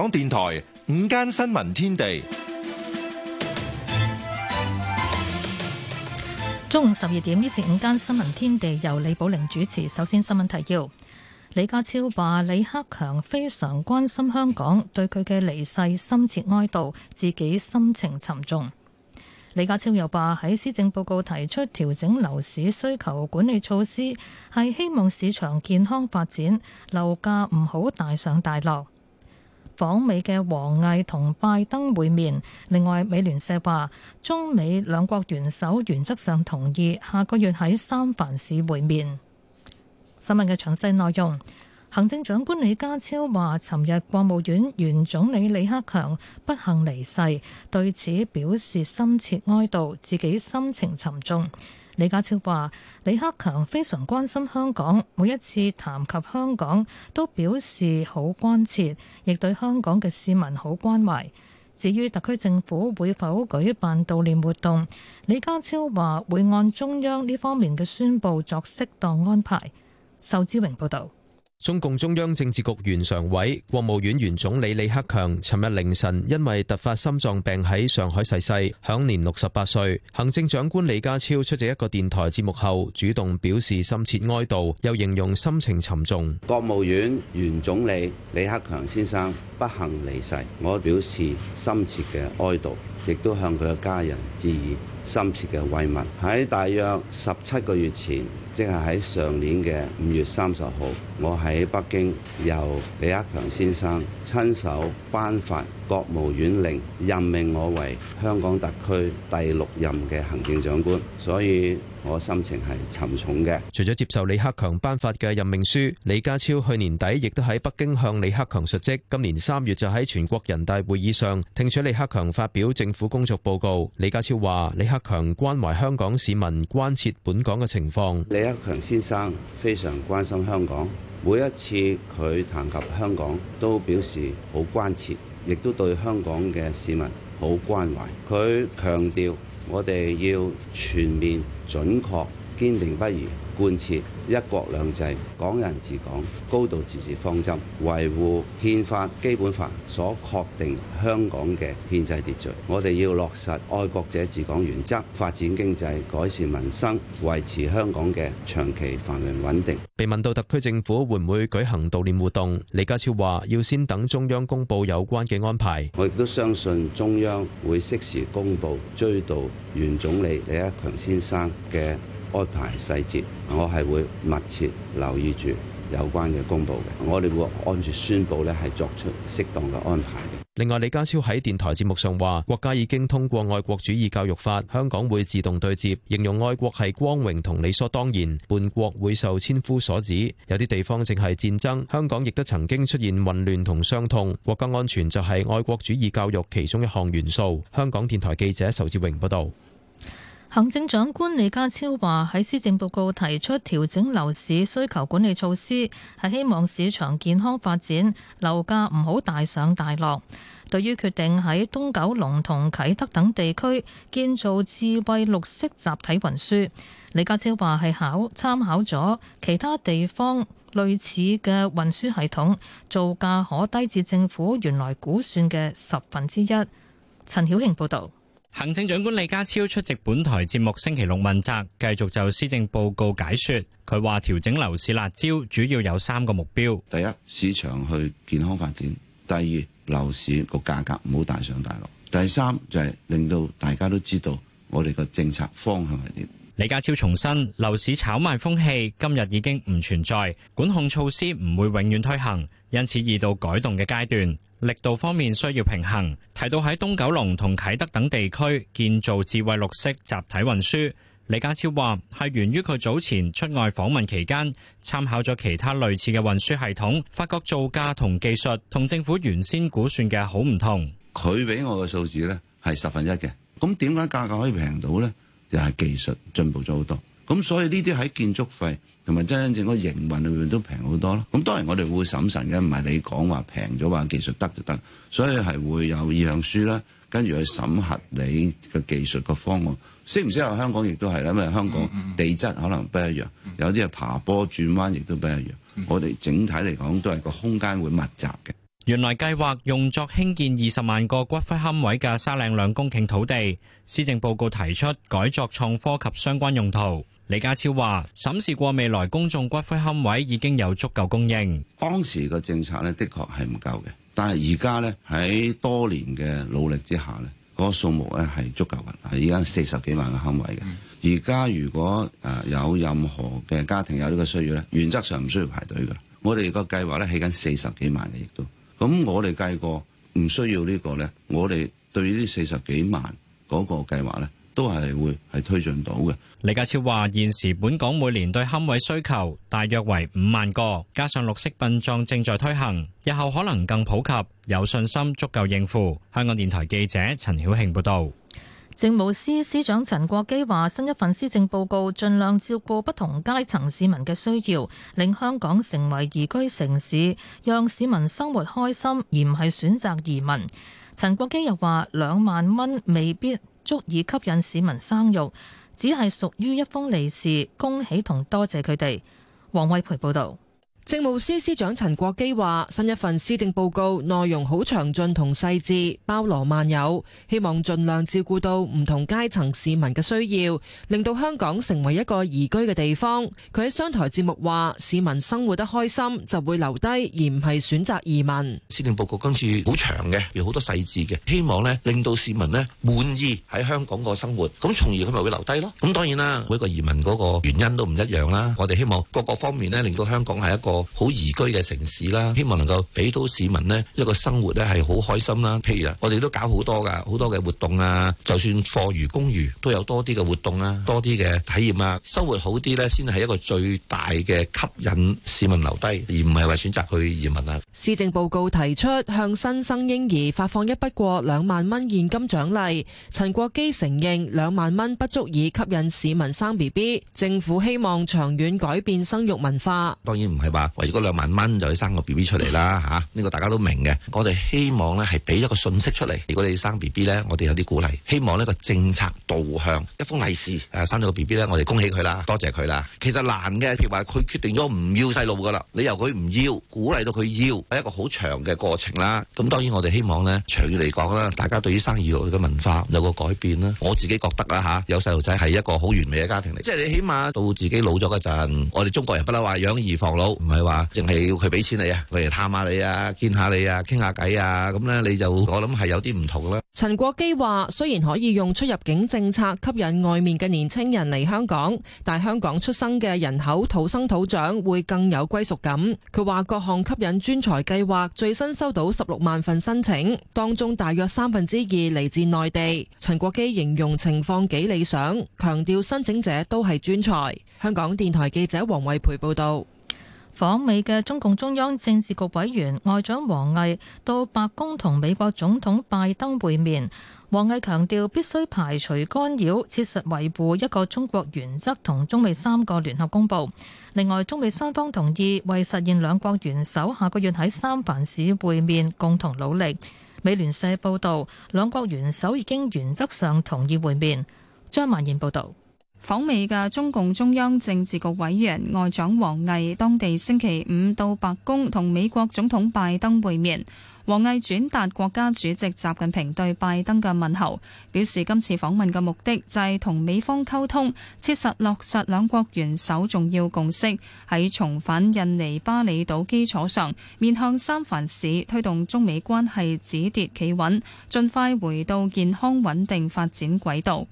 港電台午間新聞天地中午十二點，呢次午間新聞天地由李寶玲主持。首先，新聞提要：李家超話，李克強非常關心香港，對佢嘅離世深切哀悼，自己心情沉重。李家超又話喺施政報告提出調整樓市需求管理措施，係希望市場健康發展，樓價唔好大上大落。訪美嘅王毅同拜登會面。另外，美聯社話中美兩國元首原則上同意下個月喺三藩市會面。新聞嘅詳細內容，行政長官李家超話，尋日國務院原總理李克強不幸離世，對此表示深切哀悼，自己心情沉重。李家超話：李克強非常關心香港，每一次談及香港都表示好關切，亦對香港嘅市民好關懷。至於特區政府會否舉辦悼念活動，李家超話會按中央呢方面嘅宣佈作適當安排。仇志榮報道。中共中央政治局原常委、國務院原總理李克強，尋日凌晨因為突發心臟病喺上海逝世，享年六十八歲。行政長官李家超出席一個電台節目後，主動表示深切哀悼，又形容心情沉重。國務院原總理李克強先生不幸離世，我表示深切嘅哀悼。亦都向佢嘅家人致以深切嘅慰問。喺大約十七個月前，即係喺上年嘅五月三十號，我喺北京由李克強先生親手頒發國務院令，任命我為香港特區第六任嘅行政長官，所以我心情係沉重嘅。除咗接受李克強頒發嘅任命書，李家超去年底亦都喺北京向李克強述職。今年三月就喺全國人大會議上聽取李克強發表政府工作報告。李家超話：李克強關懷香港市民，關切本港嘅情況。李克強先生非常關心香港，每一次佢談及香港都表示好關切，亦都對香港嘅市民好關懷。佢強調。我哋要全面準確。堅定不移貫徹一國兩制、港人治港、高度自治方針，維護憲法、基本法所確定香港嘅憲制秩序。我哋要落實愛國者治港原則，發展經濟，改善民生，維持香港嘅長期繁榮穩定。被問到特區政府會唔會舉行悼念活動，李家超話要先等中央公布有關嘅安排。我亦都相信中央會適時公布追悼原總理李克強先生嘅安排細節，我係會密切留意住有關嘅公布嘅。我哋會按住宣布咧，係作出適當嘅安排。另外，李家超喺電台節目上話：國家已經通過《愛國主義教育法》，香港會自動對接，形容愛國係光榮同理所當然，叛國會受千夫所指。有啲地方正係戰爭，香港亦都曾經出現混亂同傷痛。國家安全就係愛國主義教育其中一項元素。香港電台記者仇志榮報道。行政長官李家超話：喺施政報告提出調整樓市需求管理措施，係希望市場健康發展，樓價唔好大上大落。對於決定喺東九龍同啟德等地區建造智慧綠色集體運輸，李家超話係考參考咗其他地方類似嘅運輸系統，造價可低至政府原來估算嘅十分之一。陳曉慶報道。行政長官李家超出席本台節目《星期六問責》，繼續就施政報告解說。佢話調整樓市辣招主要有三個目標：第一，市場去健康發展；第二，樓市個價格唔好大上大落；第三，就係令到大家都知道我哋個政策方向係點。李家超重申，樓市炒賣風氣今日已經唔存在，管控措施唔會永遠推行。因此，二度改動嘅階段，力度方面需要平衡。提到喺東九龍同啟德等地區建造智慧綠色集體運輸，李家超話係源於佢早前出外訪問期間，參考咗其他類似嘅運輸系統，發覺造價同技術同政府原先估算嘅好唔同。佢俾我嘅數字呢係十分一嘅，咁點解價格可以平到呢？又係技術進步咗好多，咁所以呢啲喺建築費。同埋真正個營運裏面都平好多咯，咁當然我哋會審慎嘅，唔係你講話平咗話技術得就得，所以係會有意向書啦，跟住去審核你嘅技術嘅方案，適唔適合香港亦都係啦，因為香港地質可能不一樣，有啲係爬坡轉彎亦都不一樣，我哋整體嚟講都係個空間會密集嘅。原來計劃用作興建二十萬個骨灰龕位嘅沙嶺兩公頃土地，施政報告提出改作創科及相關用途。李家超話：審視過未來公眾骨灰龕位已經有足夠供應。當時個政策呢，的確係唔夠嘅，但係而家呢，喺多年嘅努力之下呢，嗰、個數目呢係足夠嘅。而家四十幾萬嘅龕位嘅，而家、嗯、如果誒有任何嘅家庭有呢個需要呢，原則上唔需要排隊㗎。我哋個計劃呢，起緊四十幾萬嘅，亦都咁我哋計過唔需要呢個呢，我哋對於呢四十幾萬嗰個計劃呢。都係會係推進到嘅。李家超話：現時本港每年對龕位需求大約為五萬個，加上綠色殯葬正在推行，日後可能更普及，有信心足夠應付。香港電台記者陳曉慶報道，政務司司長陳國基話：新一份施政報告盡量照顧不同階層市民嘅需要，令香港成為宜居城市，讓市民生活開心，而唔係選擇移民。陳國基又話：兩萬蚊未必足以吸引市民生育，只係屬於一封利是，恭喜同多謝佢哋。黃偉培報導。政務司司長陳國基話：新一份施政報告內容好詳盡同細緻，包羅萬有，希望盡量照顧到唔同階層市民嘅需要，令到香港成為一個宜居嘅地方。佢喺商台節目話：市民生活得開心，就會留低，而唔係選擇移民。施政報告今次好長嘅，有好多細緻嘅，希望咧令到市民咧滿意喺香港個生活，咁從而佢咪會留低咯。咁當然啦，每一個移民嗰個原因都唔一樣啦。我哋希望各個方面咧令到香港係一個。好宜居嘅城市啦，希望能夠俾到市民呢一個生活呢係好開心啦。譬如啊，我哋都搞好多噶，好多嘅活動啊，就算課餘、工餘都有多啲嘅活動啊，多啲嘅體驗啊，生活好啲咧，先係一個最大嘅吸引市民留低，而唔係話選擇去移民啊。施政報告提出向新生嬰兒發放一筆過兩萬蚊現金獎勵，陳國基承認兩萬蚊不足以吸引市民生 B B，政府希望長遠改變生育文化。當然唔係話。話如果兩萬蚊就可以生個 B B 出嚟啦吓，呢、啊這個大家都明嘅。我哋希望咧係俾一個信息出嚟。如果你生 B B 咧，我哋有啲鼓勵。希望呢、這個政策導向，一封利是誒，生咗個 B B 咧，我哋恭喜佢啦，多謝佢啦。其實難嘅，譬如話佢決定咗唔要細路噶啦，你由佢唔要，鼓勵到佢要，係一個好長嘅過程啦。咁當然我哋希望咧，長遠嚟講啦，大家對於生二老嘅文化有個改變啦。我自己覺得啦，吓、啊，有細路仔係一個好完美嘅家庭嚟。即係你起碼到自己老咗嘅陣，我哋中國人不嬲話養兒防老。唔係話，淨係要佢俾錢你啊，嚟探下你啊，見下你啊，傾下偈啊，咁咧你就我諗係有啲唔同啦。陳國基話：雖然可以用出入境政策吸引外面嘅年輕人嚟香港，但香港出生嘅人口土生土長會更有歸屬感。佢話：各項吸引專才計劃最新收到十六萬份申請，當中大約三分之二嚟自內地。陳國基形容情況幾理想，強調申請者都係專才。香港電台記者黃慧培報道。訪美嘅中共中央政治局委員外長王毅到白宮同美國總統拜登會面。王毅強調必須排除干擾，切實維護一個中國原則同中美三個聯合公報。另外，中美雙方同意為實現兩國元首下個月喺三藩市會面，共同努力。美聯社報道，兩國元首已經原則上同意會面。張曼燕報道。訪美嘅中共中央政治局委員外長王毅，當地星期五到白宮同美國總統拜登會面。王毅轉達國家主席習近平對拜登嘅問候，表示今次訪問嘅目的就係同美方溝通，切實落實兩國元首重要共識，喺重返印尼巴厘島基礎上，面向三藩市推動中美關係止跌企穩，盡快回到健康穩定發展軌道。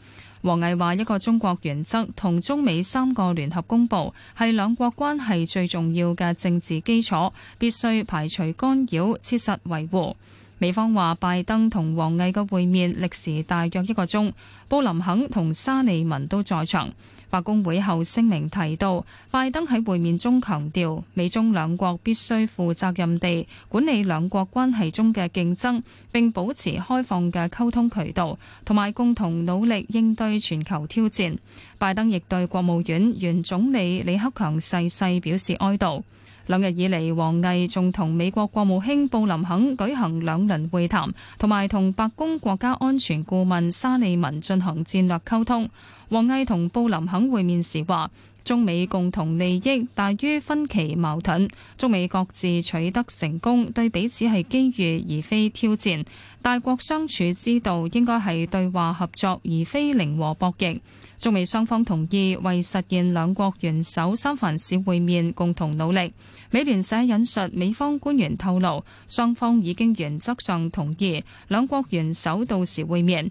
王毅話：一個中國原則同中美三個聯合公佈係兩國關係最重要嘅政治基礎，必須排除干擾，切實維護。美方話，拜登同王毅嘅會面歷時大約一個鐘，布林肯同沙利文都在場。白宮會後聲明提到，拜登喺會面中強調，美中兩國必須負責任地管理兩國關係中嘅競爭，並保持開放嘅溝通渠道，同埋共同努力應對全球挑戰。拜登亦對國務院原總理李克強逝世表示哀悼。兩日以嚟，王毅仲同美國國務卿布林肯舉行兩輪會談，同埋同白宮國家安全顧問沙利文進行戰略溝通。王毅同布林肯會面時話：中美共同利益大於分歧矛盾，中美各自取得成功對彼此係機遇而非挑戰，大國相處之道應該係對話合作而非零和博弈。中美雙方同意為實現兩國元首三藩市會面共同努力。美聯社引述美方官員透露，雙方已經原則上同意兩國元首到時會面。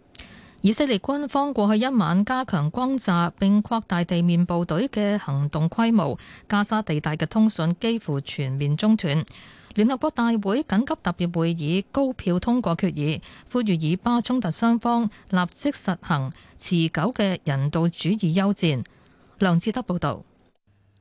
以色列軍方過去一晚加強轟炸並擴大地面部隊嘅行動規模，加沙地帶嘅通訊幾乎全面中斷。聯合國大會緊急特別會議高票通過決議，呼籲以巴衝突雙方立即實行持久嘅人道主義休戰。梁志德報道。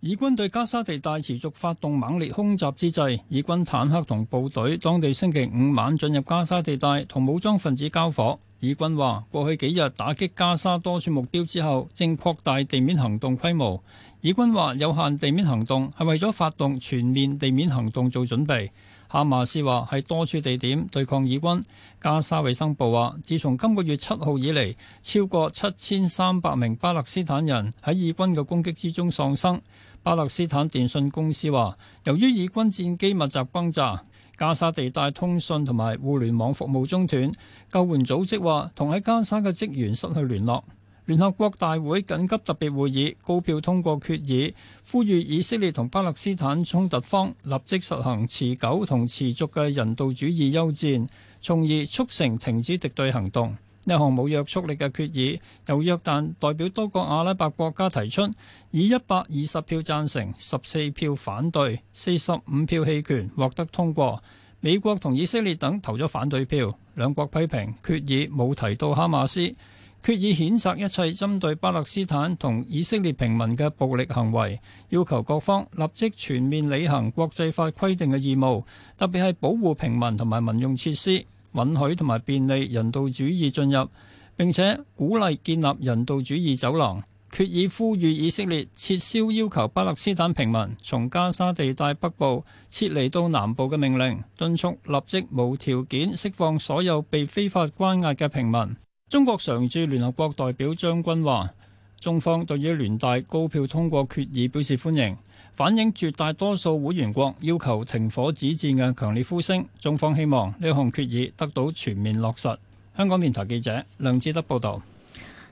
以軍對加沙地帶持續發動猛烈空襲之際，以軍坦克同部隊當地星期五晚進入加沙地帶，同武裝分子交火。以軍話：過去幾日打擊加沙多處目標之後，正擴大地面行動規模。以軍話有限地面行動係為咗發動全面地面行動做準備。哈馬斯話喺多處地點對抗以軍。加沙衞生部話，自從今個月七號以嚟，超過七千三百名巴勒斯坦人喺以軍嘅攻擊之中喪生。巴勒斯坦電訊公司話，由於以軍戰機密集轟炸，加沙地帶通訊同埋互聯網服務中斷。救援組織話，同喺加沙嘅職員失去聯絡。聯合國大會緊急特別會議高票通過決議，呼籲以色列同巴勒斯坦衝突方立即實行持久同持續嘅人道主義休戰，從而促成停止敵對行動。呢項冇約束力嘅決議由約旦代表多個阿拉伯國家提出，以一百二十票贊成、十四票反對、四十五票棄權獲得通過。美國同以色列等投咗反對票，兩國批評決議冇提到哈馬斯。決議譴責一切針對巴勒斯坦同以色列平民嘅暴力行為，要求各方立即全面履行國際法規定嘅義務，特別係保護平民同埋民用設施，允許同埋便利人道主義進入，並且鼓勵建立人道主義走廊。決議呼籲以色列撤銷要求巴勒斯坦平民從加沙地帶北部撤離到南部嘅命令，敦促立即無條件釋放所有被非法關押嘅平民。中國常駐聯合國代表張軍話：中方對於聯大高票通過決議表示歡迎，反映絕大多數會員國要求停火止戰嘅強烈呼聲。中方希望呢項決議得到全面落實。香港電台記者梁志德報道：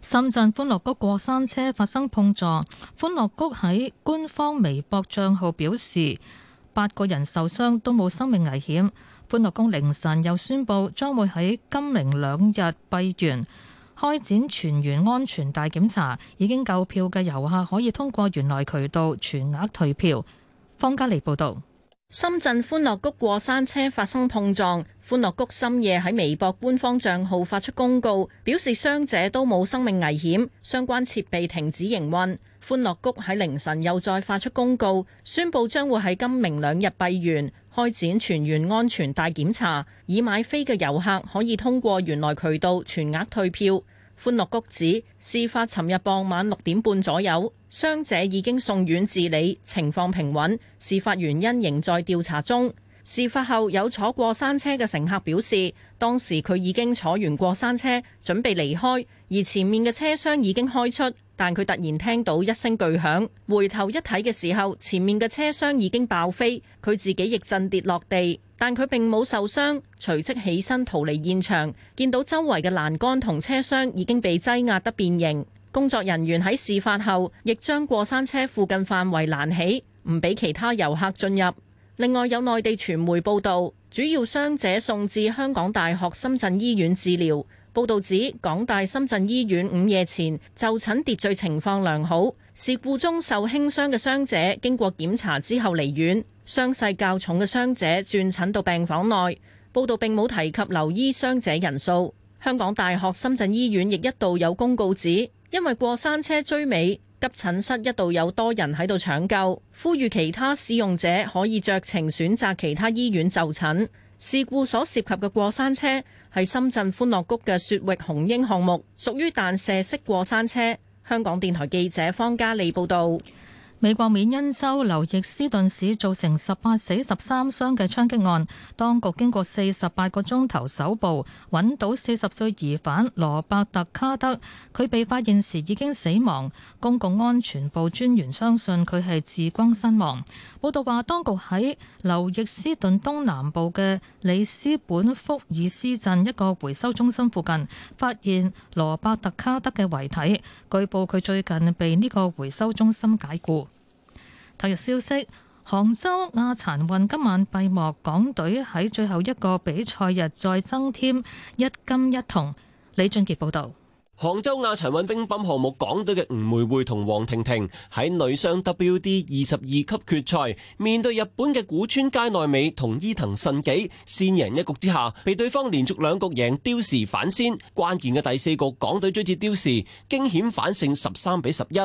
深圳歡樂谷過山車發生碰撞，歡樂谷喺官方微博賬號表示，八個人受傷都冇生命危險。歡樂谷凌晨又宣布將會喺今明兩日閉園，開展全園安全大檢查。已經購票嘅遊客可以通過原來渠道全額退票。方家利報導。深圳歡樂谷過山車發生碰撞，歡樂谷深夜喺微博官方帳號發出公告，表示傷者都冇生命危險，相關設備停止營運。歡樂谷喺凌晨又再發出公告，宣布將會喺今明兩日閉園，開展全員安全大檢查。已買飛嘅遊客可以通過原來渠道全額退票。歡樂谷指事發尋日傍晚六點半左右，傷者已經送院治理，情況平穩。事發原因仍在調查中。事發後，有坐過山車嘅乘客表示，當時佢已經坐完過山車，準備離開，而前面嘅車廂已經開出，但佢突然聽到一聲巨響，回頭一睇嘅時候，前面嘅車廂已經爆飛，佢自己亦震跌落地，但佢並冇受傷，隨即起身逃離現場。見到周圍嘅欄杆同車廂已經被擠壓得變形，工作人員喺事發後亦將過山車附近範圍攔起，唔俾其他遊客進入。另外有內地傳媒報導，主要傷者送至香港大學深圳醫院治療。報導指港大深圳醫院午夜前就診秩序情況良好，事故中受輕傷嘅傷者經過檢查之後離院，傷勢較重嘅傷者轉診到病房內。報導並冇提及留醫傷者人數。香港大學深圳醫院亦一度有公告指，因為過山車追尾。急診室一度有多人喺度搶救，呼籲其他使用者可以酌情選擇其他醫院就診。事故所涉及嘅過山車係深圳歡樂谷嘅雪域雄鷹項目，屬於彈射式過山車。香港電台記者方嘉利報導。美國緬因州劉易斯頓市造成十八死十三傷嘅槍擊案，當局經過四十八個鐘頭搜捕，揾到四十歲疑犯羅伯特卡德。佢被發現時已經死亡，公共安全部專員相信佢係自轟身亡。報道話，當局喺劉易斯頓東南部嘅里斯本福爾斯鎮一個回收中心附近發現羅伯特卡德嘅遺體，據報佢最近被呢個回收中心解雇。體育消息，杭州亞殘運今晚閉幕，港隊喺最後一個比賽日再增添一金一銅。李俊傑報導，杭州亞殘運乒乓項目港隊嘅吳梅慧同黃婷婷喺女雙 W.D. 二十二級決賽面對日本嘅古村佳奈美同伊藤信己，先贏一局之下，被對方連續兩局贏刁時反先，關鍵嘅第四局港隊追至刁時，驚險反勝十三比十一。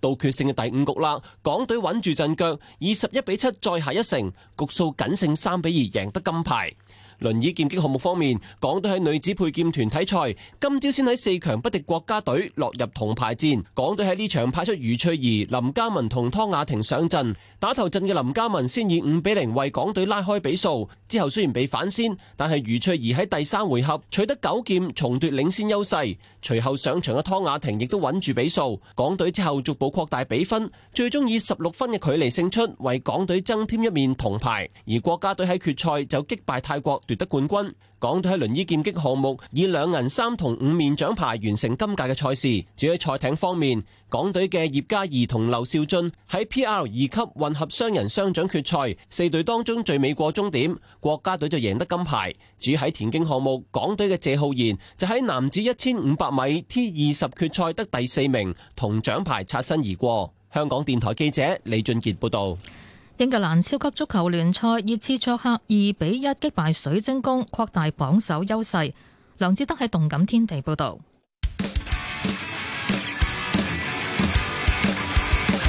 到決勝嘅第五局啦，港隊穩住陣腳，以十一比七再下一城，局數僅勝三比二，贏得金牌。輪椅劍擊項目方面，港隊喺女子配劍團體賽今朝先喺四強不敵國家隊，落入銅牌戰。港隊喺呢場派出余翠怡、林嘉文同湯雅婷上陣，打頭陣嘅林嘉文先以五比零為港隊拉開比數，之後雖然被反先，但係余翠怡喺第三回合取得九劍，重奪領先優勢。隨後上場嘅湯雅婷亦都穩住比數，港隊之後逐步擴大比分，最終以十六分嘅距離勝出，為港隊增添一面銅牌。而國家隊喺決賽就擊敗泰國，奪得冠軍。港隊喺輪椅劍擊項目以兩銀三銅五面獎牌完成今屆嘅賽事。至於賽艇方面，港隊嘅葉嘉儀同劉少俊喺 PR 二級混合雙人雙槳決賽四隊當中最尾過終點，國家隊就贏得金牌。至於喺田徑項目，港隊嘅謝浩然就喺男子一千五百米 T 二十決賽得第四名，同獎牌擦身而過。香港電台記者李俊杰報道。英格蘭超級足球聯賽熱刺作客二比一擊敗水晶宮，擴大榜首優勢。梁志德喺動感天地報道。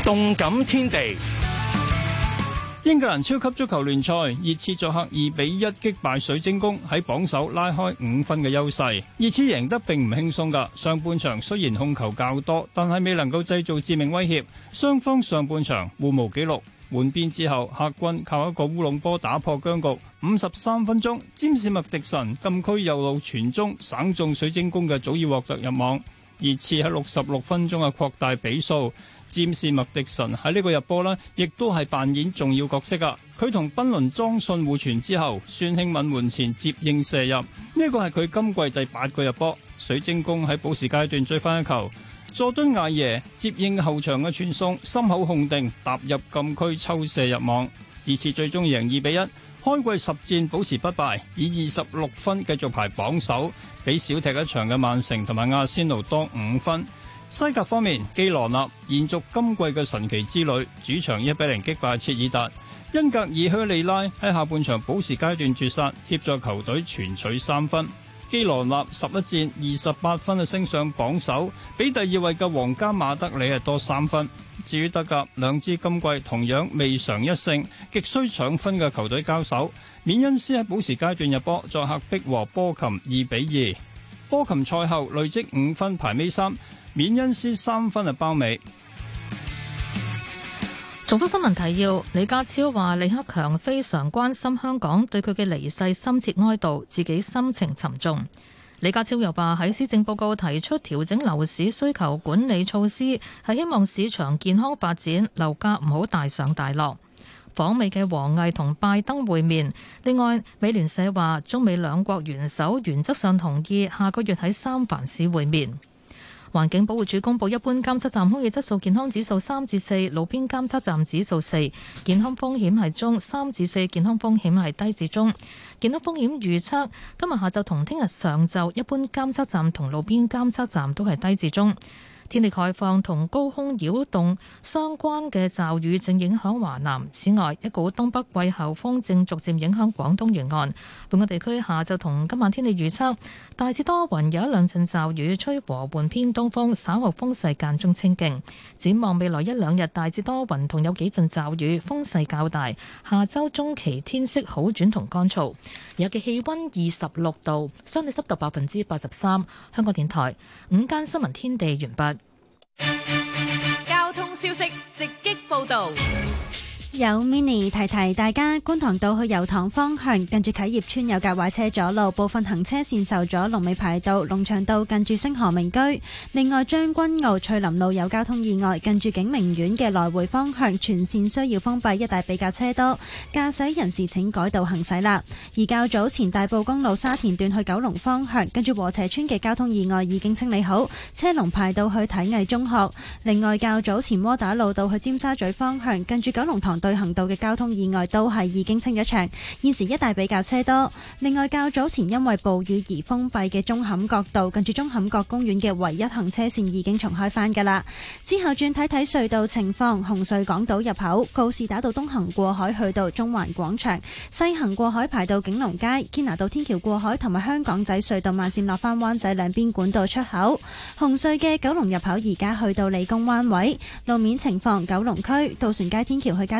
動感天地，天地英格蘭超級足球聯賽熱刺作客二比一擊敗水晶宮，喺榜首拉開五分嘅優勢。熱刺贏得並唔輕鬆㗎，上半場雖然控球較多，但係未能夠製造致命威脅。雙方上半場互無紀錄。換邊之後，客軍靠一個烏龍波打破僵局。五十三分鐘，占士麥迪臣禁區右路傳中，省中水晶宮嘅祖爾華特入網。熱刺喺六十六分鐘嘅擴大比數，占士麥迪臣喺呢個入波呢，亦都係扮演重要角色㗎。佢同賓倫莊遜互傳之後，孫興敏門前接應射入，呢個係佢今季第八個入波。水晶宮喺補時階段追翻一球。佐敦艾耶接應後場嘅傳送，心口控定，踏入禁區抽射入網，二次最終贏二比一。開季十戰保持不敗，以二十六分繼續排榜首，比少踢一場嘅曼城同埋阿仙奴多五分。西甲方面，基羅納延續今季嘅神奇之旅，主場一比零擊敗切爾達。恩格爾靴利拉喺下半場補時階段絕殺，協助球隊全取三分。基羅納十一戰二十八分啊，升上榜首，比第二位嘅皇家馬德里係多三分。至於德甲，兩支今季同樣未嘗一勝，極需搶分嘅球隊交手。緬恩斯喺補時階段入波，作客逼和波琴二比二。波琴賽後累積五分排尾三，緬恩斯三分啊包尾。重複新聞提要：李家超話李克強非常關心香港，對佢嘅離世深切哀悼，自己心情沉重。李家超又話喺施政報告提出調整樓市需求管理措施，係希望市場健康發展，樓價唔好大上大落。訪美嘅王毅同拜登會面。另外，美聯社話中美兩國元首原則上同意下個月喺三藩市會面。環境保護署公布，一般監測站空氣質素健康指數三至四，路邊監測站指數四，健康風險係中，三至四，健康風險係低至中。健康風險預測今日下晝同聽日上晝，一般監測站同路邊監測站都係低至中。天氣開放同高空擾動相關嘅驟雨正影響華南。此外，一股東北季候風正逐漸影響廣東沿岸。本港地區下晝同今晚天氣預測，大致多雲，有一兩陣驟雨，吹和緩偏東風，稍後風勢間中清勁。展望未來一兩日，大致多雲同有幾陣驟雨，風勢較大。下周中期天色好轉同乾燥，有嘅氣温二十六度，相對濕度百分之八十三。香港電台午間新聞天地完畢。交通消息，直擊報道。有 mini 提提大家，觀塘道去油塘方向，近住啟業邨有架壞車阻路，部分行車線受阻，龍尾排到龍翔道，近住星河名居。另外將軍澳翠林路有交通意外，近住景明苑嘅來回方向全線需要封閉，一帶比較車多，駕駛人士請改道行駛啦。而較早前大埔公路沙田段去九龍方向，近住禾 𪨶 邨嘅交通意外已經清理好，車龍排到去體藝中學。另外較早前窩打老道去尖沙咀方向，近住九龍塘。對行道嘅交通意外都係已經清咗場，現時一帶比較車多。另外較早前因為暴雨而封閉嘅舂坎角道，近住舂坎角公園嘅唯一行車線已經重開返噶啦。之後轉睇睇隧道情況，紅隧港島入口、告士打道東行過海去到中環廣場、西行過海排到景隆街、堅拿道天橋過海同埋香港仔隧道慢線落翻灣仔兩邊管道出口。紅隧嘅九龍入口而家去到理工灣位路面情況，九龍區渡船街天橋去加。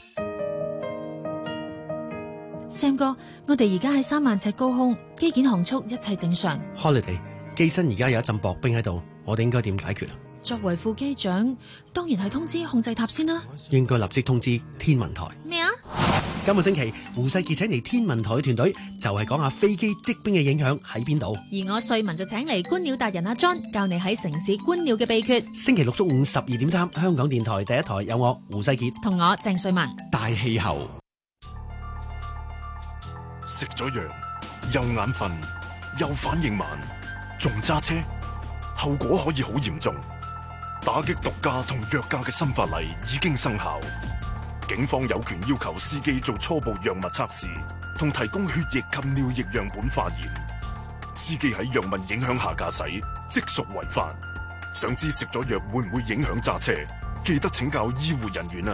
Sam 哥，我哋而家喺三萬尺高空，機件航速一切正常。Holiday，機身而家有一陣薄冰喺度，我哋應該點解決啊？作為副機長，當然係通知控制塔先啦。應該立即通知天文台。咩麼啊？今個星期，胡世傑請嚟天文台嘅團隊，就係、是、講下飛機積冰嘅影響喺邊度。而我瑞文就請嚟觀鳥達人阿、啊、John，教你喺城市觀鳥嘅秘訣。星期六中午十二點三，3，香港電台第一台有我胡世傑同我鄭瑞文大氣候。食咗藥又眼瞓又反應慢，仲揸車，後果可以好嚴重。打擊毒駕同藥駕嘅新法例已經生效，警方有權要求司機做初步藥物測試，同提供血液及尿液樣本化驗。司機喺藥物影響下駕駛，即屬違法。想知食咗藥會唔會影響揸車？記得請教醫護人員啊！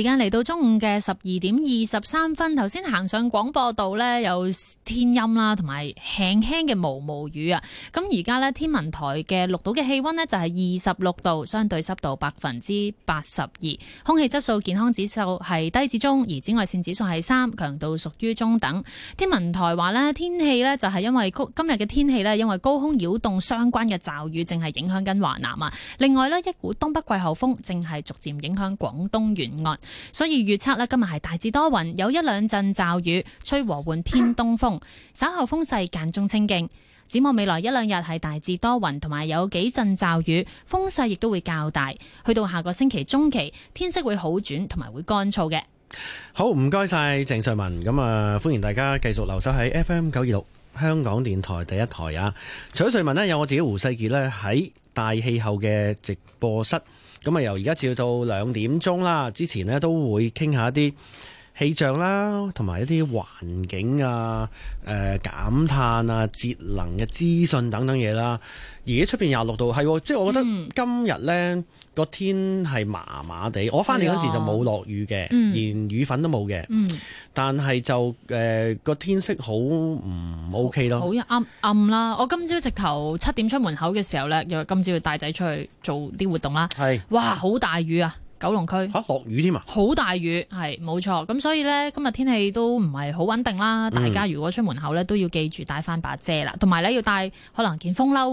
時間嚟到中午嘅十二點二十三分，頭先行上廣播道呢，有天陰啦，同埋輕輕嘅毛毛雨啊。咁而家呢，天文台嘅錄到嘅氣溫呢，就係二十六度，相對濕度百分之八十二，空氣質素健康指數係低至中，而紫外線指數係三，強度屬於中等。天文台話呢，天氣呢，就係因為今日嘅天氣呢，因為高空擾動相關嘅驟雨正係影響緊華南啊。另外呢，一股東北季候風正係逐漸影響廣東沿岸。所以預測呢，今日係大致多雲，有一兩陣驟雨，吹和緩偏東風，稍後風勢間中清勁。展望未來一兩日係大致多雲，同埋有幾陣驟雨，風勢亦都會較大。去到下個星期中期，天色會好轉，同埋會乾燥嘅。好，唔該晒鄭瑞文，咁啊歡迎大家繼續留守喺 FM 九二六香港電台第一台啊。除咗瑞文呢，有我自己胡世傑呢，喺大氣候嘅直播室。咁啊，由而家照到兩點鐘啦，之前呢都會傾下一啲氣象啦，同埋一啲環境啊、誒、呃、減碳啊、節能嘅、啊、資訊等等嘢啦。而家出面廿六度，係、哦、即係我覺得今日咧個天係麻麻地。我翻嚟嗰時就冇落雨嘅，嗯、連雨粉都冇嘅。嗯、但係就誒個、呃、天色、OK、好唔 OK 咯，好暗暗啦。我今朝直頭七點出門口嘅時候咧，又今朝要帶仔出去做啲活動啦。係是哇，好大雨啊！九龍區嚇落雨添啊，好大雨係冇錯，咁所以咧今日天，天氣都唔係好穩定啦。大家如果出門口咧，都要記住帶翻把遮啦，同埋咧要帶可能件風褸。